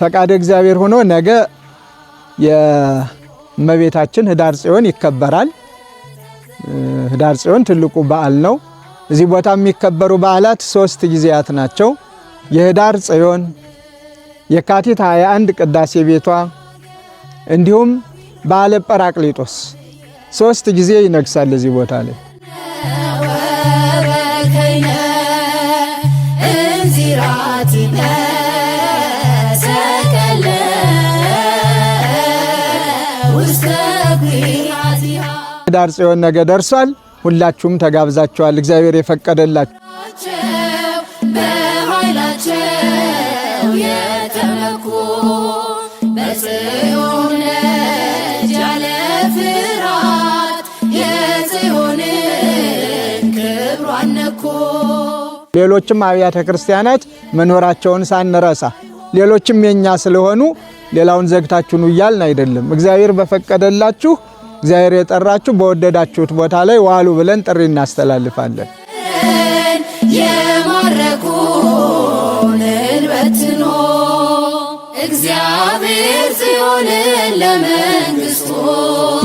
ፈቃደ እግዚአብሔር ሆኖ ነገ የእመቤታችን ህዳር ጽዮን ይከበራል። ህዳር ጽዮን ትልቁ በዓል ነው። እዚህ ቦታ የሚከበሩ በዓላት ሶስት ጊዜያት ናቸው። የህዳር ጽዮን፣ የካቲት 21 ቅዳሴ ቤቷ እንዲሁም በዓለ ጰራቅሊጦስ ሶስት ጊዜ ይነግሳል እዚህ ቦታ ላይ። ዳር ጽዮን ነገ ደርሷል። ሁላችሁም ተጋብዛችኋል። እግዚአብሔር የፈቀደላችሁ ሌሎችም አብያተ ክርስቲያናት መኖራቸውን ሳንረሳ ሌሎችም የኛ ስለሆኑ ሌላውን ዘግታችሁ ነው እያልን አይደለም። እግዚአብሔር በፈቀደላችሁ እግዚአብሔር የጠራችሁ በወደዳችሁት ቦታ ላይ ዋሉ ብለን ጥሪ እናስተላልፋለን። የማረኩንን በትኖ እግዚአብሔር ጽዮንን ለመንግስቱ